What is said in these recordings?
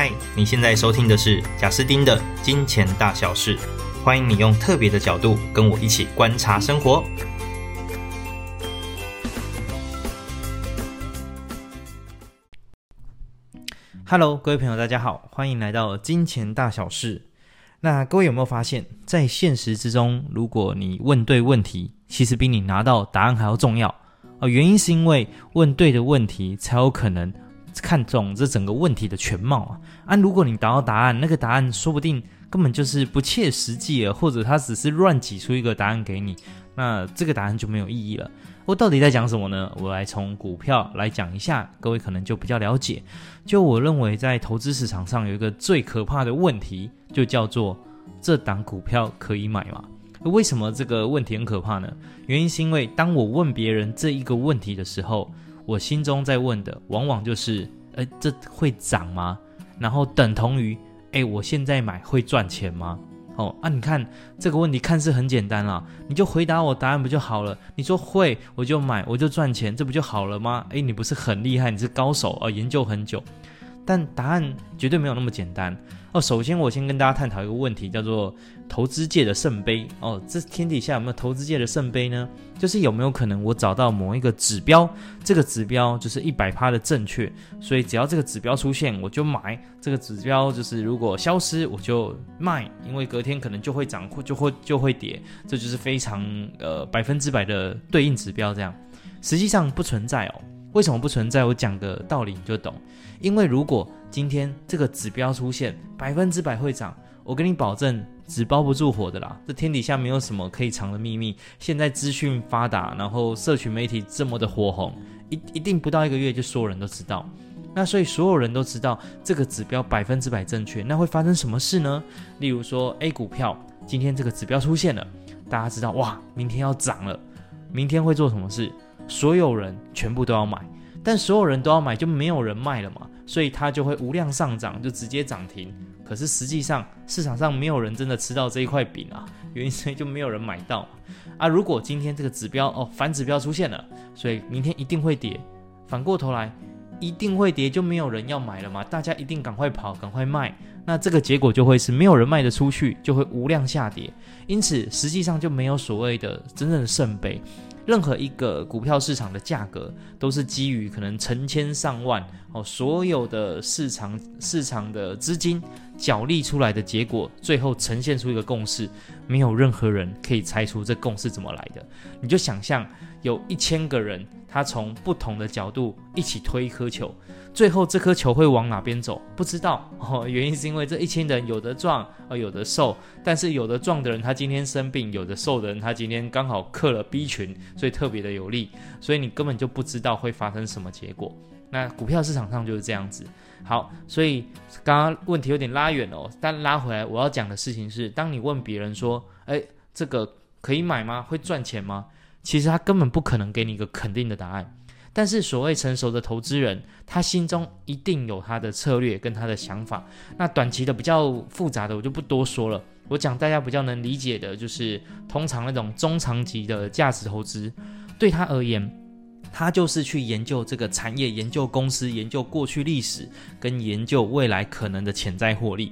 嗨，Hi, 你現在收聽的是賈斯丁的《金錢大小事》，歡迎你用特別的角度跟我一起觀察生活。Hello，各位朋友，大家好，歡迎來到《金錢大小事》。那各位有沒有發現，在現實之中，如果你問對問題，其實比你拿到答案還要重要，而，呃，原因是因為問對的問題，才有可能。看懂這整個問題的全貌啊！啊，如果你答到答案，那個答案說不定根本就是不切實際的，或者他只是亂擠出一個答案給你，那這個答案就沒有意義了。我到底在講什麼呢？我來從股票來講一下，各位可能就比較了解。就我認為，在投資市場上有一個最可怕的問題，就叫做“這檔股票可以買嗎？”為什麼這個問題很可怕呢？原因是因為當我問別人這一個問題的時候，我心中在問的，往往就是，誒，這會漲嗎？然後等同於，誒，我現在買會賺錢嗎？哦，啊，你看這個問題看似很簡單啦，你就回答我答案不就好了？你說會，我就買，我就賺錢，這不就好了嗎？誒，你不是很厲害？你是高手啊，研究很久。但答案絕對沒有那麼簡單哦。首先，我先跟大家探討一個問題，叫做投資界的聖杯哦。這天底下有沒有投資界的聖杯呢？就是有沒有可能我找到某一個指標，這個指標就是一百趴的正確，所以只要這個指標出現，我就買；這個指標就是如果消失，我就賣，因為隔天可能就會漲或就會就會跌。這就是非常呃百分之百的對應指標，這樣實際上不存在哦。為什麼不存在？我講的道理你就懂。因為如果今天這個指標出現，百分之百會漲，我跟你保證，紙包不住火的啦。這天底下沒有什麼可以藏的秘密。現在資訊發達，然後社群媒體這麼的火紅，一一定不到一個月就所有人都知道。那所以所有人都知道這個指標百分之百正確，那會發生什麼事呢？例如說 A 股票今天這個指標出現了，大家知道哇，明天要漲了。明天會做什麼事？所有人全部都要買，但所有人都要買，就沒有人賣了嘛，所以它就會無量上漲，就直接漲停。可是實際上市場上沒有人真的吃到這一塊餅啊，原因是就沒有人買到啊。如果今天這個指標哦反指標出現了，所以明天一定會跌。反過頭來一定會跌，就沒有人要買了嘛，大家一定趕快跑，趕快賣。那這個結果就會是沒有人賣得出去，就會無量下跌。因此實際上就沒有所謂的真正的聖杯。任何一個股票市場的價格，都是基於可能成千上萬哦所有的市場市場的資金角力出來的結果，最後呈現出一個共識，沒有任何人可以猜出這共識怎麼來的。你就想象有一千個人，他從不同的角度一起推一顆球。最後這顆球會往哪邊走？不知道哦。原因是因為這一千人有的壯，呃有的瘦，但是有的壯的人他今天生病，有的瘦的人他今天剛好克了 B 群，所以特別的有利。所以你根本就不知道會發生什麼結果。那股票市場上就是這樣子。好，所以剛剛問題有點拉遠哦，但拉回來我要講的事情是，當你問別人說，哎、欸，這個可以買嗎？會賺錢嗎？其實他根本不可能給你一個肯定的答案。但是，所謂成熟的投資人，他心中一定有他的策略跟他的想法。那短期的比較複雜的，我就不多說了。我講大家比較能理解的，就是通常那種中長期的價值投資，對他而言，他就是去研究這個產業，研究公司，研究過去歷史，跟研究未來可能的潛在獲利。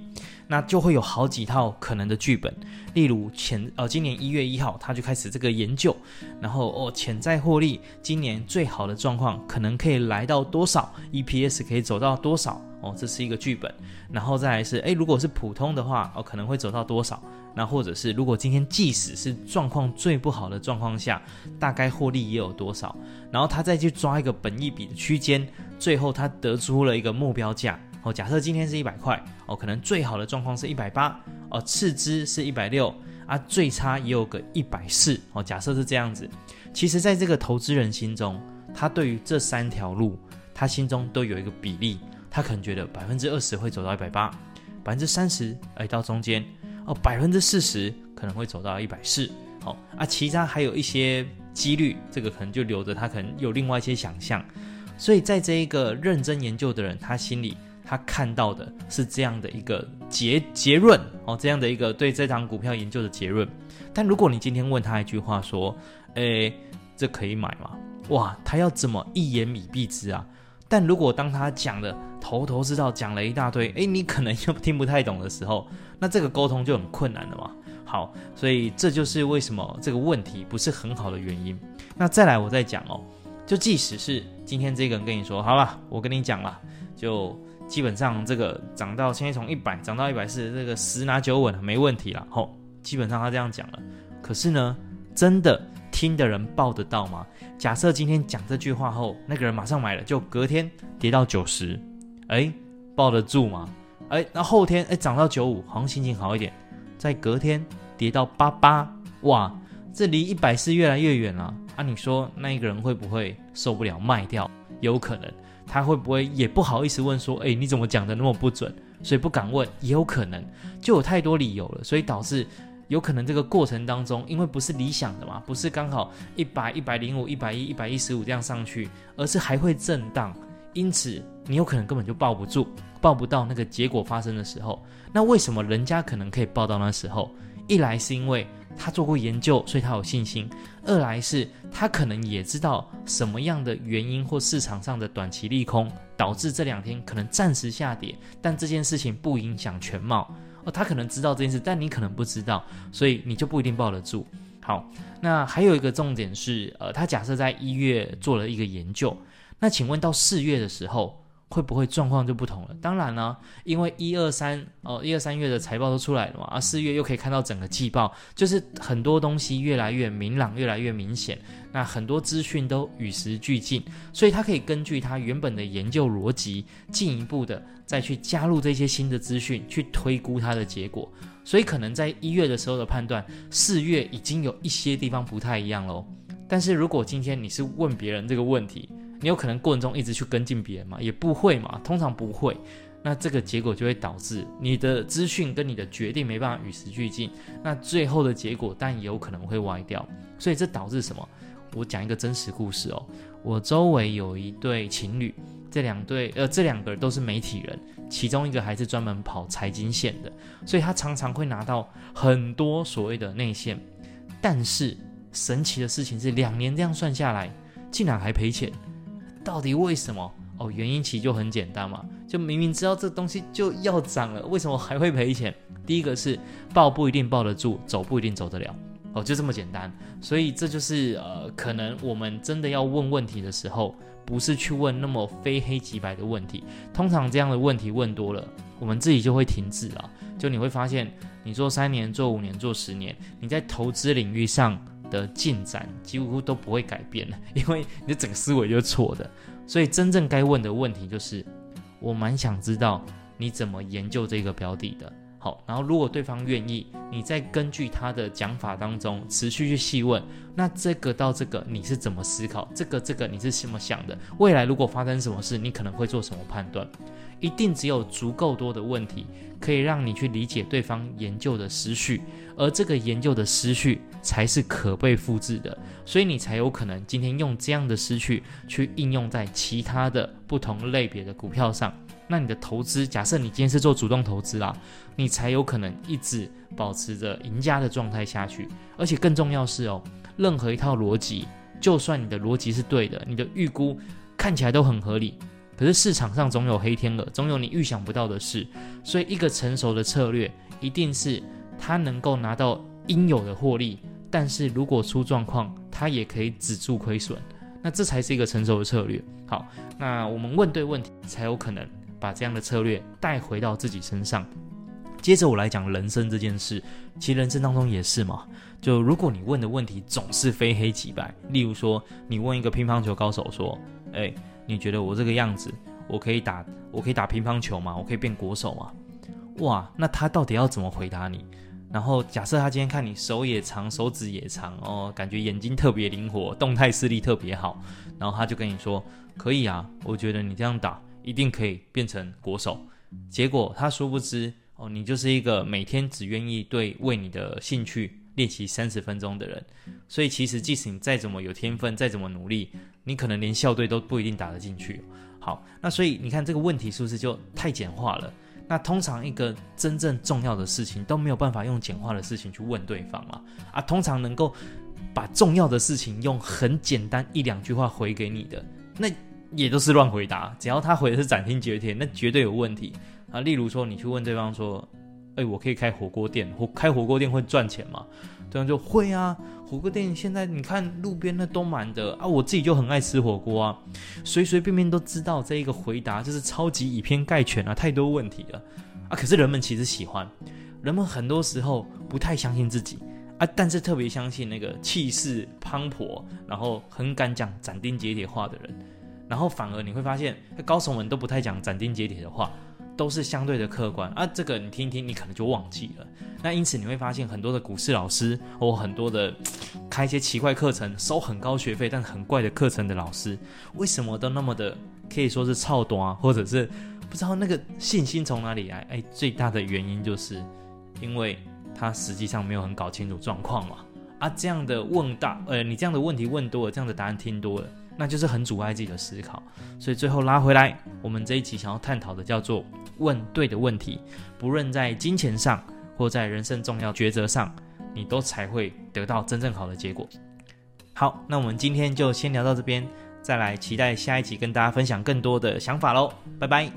那就會有好幾套可能的劇本，例如前呃今年一月一號，他就開始這個研究，然後哦潛在獲利，今年最好的狀況可能可以來到多少 EPS 可以走到多少哦，這是一個劇本，然後再來是誒，如果是普通的話哦，可能會走到多少，那或者是如果今天即使是狀況最不好的狀況下，大概獲利也有多少，然後他再去抓一個本益比的區間，最後他得出了一個目標價。哦，假設今天是一百塊，哦，可能最好的狀況是一百八，哦，次之是一百六，啊，最差也有個一百四，哦，假設是這樣子。其實，在這個投資人心中，他對於這三條路，他心中都有一個比例，他可能覺得百分之二十會走到一百八，百分之三十哎到中間，哦，百分之四十可能會走到一百四，哦，啊，其他還有一些幾率，這個可能就留着，他可能有另外一些想象。所以，在這一個認真研究的人，他心裡。他看到的是這樣的一個結結論哦，這樣的一個對這張股票研究的結論。但如果你今天問他一句話說：“誒這可以買嗎？”哇，他要怎麼一言以蔽之啊？但如果當他講的頭頭是道，講了一大堆，誒，你可能又聽不太懂的時候，那這個溝通就很困難了嘛。好，所以這就是為什麼這個問題不是很好的原因。那再來，我再講哦，就即使是今天這個人跟你說：“好了，我跟你講了，就。”基本上這個漲到現在從一百漲到一百四，這個十拿九穩沒問題了。吼、哦，基本上他這樣講了。可是呢，真的聽的人抱得到嗎？假設今天講這句話後，那個人馬上買了，就隔天跌到九十，哎，抱得住嗎？哎，那後天哎漲到九五，好像心情好一點，再隔天跌到八八，哇，這離一百四越來越遠了、啊。啊，你說那一個人會不會受不了賣掉？有可能他會不會也不好意思問說，哎、欸，你怎麼講得那麼不準？所以不敢問，也有可能就有太多理由了，所以導致有可能這個過程當中，因為不是理想的嘛，不是剛好一百、一百零五、一百一、一百一十五這樣上去，而是還會震盪，因此你有可能根本就抱不住，抱不到那個結果發生的時候。那為什麼人家可能可以抱到那時候？一來是因為他做過研究，所以他有信心；二來是他可能也知道什麼樣的原因或市場上的短期利空導致這兩天可能暫時下跌，但這件事情不影響全貌。哦，他可能知道這件事，但你可能不知道，所以你就不一定抱得住。好，那還有一個重點是，呃，他假設在一月做了一個研究，那請問到四月的時候，會不會狀況就不同了？當然呢、啊，因為一二三哦，一二三月的財報都出來了嘛，而、啊、四月又可以看到整個季報，就是很多東西越來越明朗，越來越明顯。那很多資訊都與時俱進，所以他可以根據他原本的研究邏輯，進一步的再去加入這些新的資訊，去推估它的結果。所以可能在一月的時候的判斷，四月已經有一些地方不太一樣嘍。但是如果今天你是問別人這個問題，你有可能過程中一直去跟進別人嘛？也不會嘛，通常不會。那這個結果就會導致你的資訊跟你的決定沒辦法與時俱進。那最後的結果，但也有可能會歪掉。所以這導致什麼？我講一個真實故事哦。我周圍有一對情侶，這兩對呃，這兩個都是媒體人，其中一個還是專門跑財經線的，所以他常常會拿到很多所謂的內線。但是神奇的事情是，兩年這樣算下來，竟然還賠錢。到底為什麼？哦，原因其實就很簡單嘛，就明明知道這東西就要漲了，為什麼還會賠錢？第一個是抱不一定抱得住，走不一定走得了，哦，就這麼簡單。所以這就是呃，可能我們真的要問問題的時候，不是去問那麼非黑即白的問題。通常這樣的問題問多了，我們自己就會停止了。就你會發現，你做三年、做五年、做十年，你在投資領域上。的進展幾乎都不會改變，因為你的整個思維就是錯的。所以真正該問的問題就是，我蠻想知道你怎麼研究這個標的的。然後，如果對方願意，你再根據他的講法當中持續去細問，那這個到這個你是怎麼思考？這個這個你是怎麼想的？未來如果發生什麼事，你可能會做什麼判斷？一定只有足夠多的問題，可以讓你去理解對方研究的思緒，而這個研究的思緒才是可被複製的，所以你才有可能今天用這樣的思緒去應用在其他的不同類別的股票上。那你的投資，假設你今天是做主動投資啦，你才有可能一直保持着贏家的狀態下去。而且更重要的是哦，任何一套邏輯，就算你的邏輯是對的，你的預估看起來都很合理，可是市場上總有黑天鵝，總有你預想不到的事。所以一個成熟的策略，一定是它能夠拿到應有的獲利，但是如果出狀況，它也可以止住虧損。那這才是一個成熟的策略。好，那我們問對問題才有可能把這樣的策略帶回到自己身上。接着我來講人生這件事，其實人生當中也是嘛。就如果你問的問題總是非黑即白，例如說你問一個乒乓球高手說：“誒，你覺得我這個樣子，我可以打我可以打乒乓球嗎？我可以變國手嗎？”哇，那他到底要怎麼回答你？然後假設他今天看你手也長，手指也長哦，感覺眼睛特別靈活，動態視力特別好，然後他就跟你說：“可以啊，我覺得你這樣打。”一定可以變成國手，結果他殊不知哦，你就是一個每天只願意對為你的興趣練習三十分鐘的人，所以其實即使你再怎麼有天分，再怎麼努力，你可能連校隊都不一定打得進去。好，那所以你看這個問題是不是就太簡化了？那通常一個真正重要的事情都沒有辦法用簡化的事情去問對方啊啊，通常能夠把重要的事情用很簡單一兩句話回給你的那。也都是亂回答，只要他回的是斬釘截鐵，那絕對有問題啊！例如說，你去問對方說：“哎、欸，我可以開火鍋店，火開火鍋店會賺錢嗎？”對方就會啊，火鍋店現在你看路邊那都滿的啊！我自己就很愛吃火鍋啊，隨隨便便都知道這一個回答就是超級以偏概全啊，太多問題了啊！可是人們其實喜歡，人們很多時候不太相信自己啊，但是特別相信那個氣勢磅礴，然後很敢講斬釘截鐵話的人。然後反而你會發現，高手們都不太講斬釘截鐵的話，都是相對的客觀啊。這個你聽一聽，你可能就忘記了。那因此你會發現很多的股市老師，或、哦、很多的開一些奇怪課程、收很高學費但很怪的課程的老師，為什麼都那麼的可以說是超短，或者是不知道那個信心從哪裡來？哎，最大的原因就是因為他實際上沒有很搞清楚狀況嘛。啊，這樣的問大，呃，你這樣的問題問多了，這樣的答案聽多了。那就是很阻礙自己的思考，所以最後拉回來，我們這一集想要探討的叫做問對的問題，不論在金錢上或在人生重要抉擇上，你都才會得到真正好的結果。好，那我們今天就先聊到這邊，再來期待下一集跟大家分享更多的想法嘍，拜拜！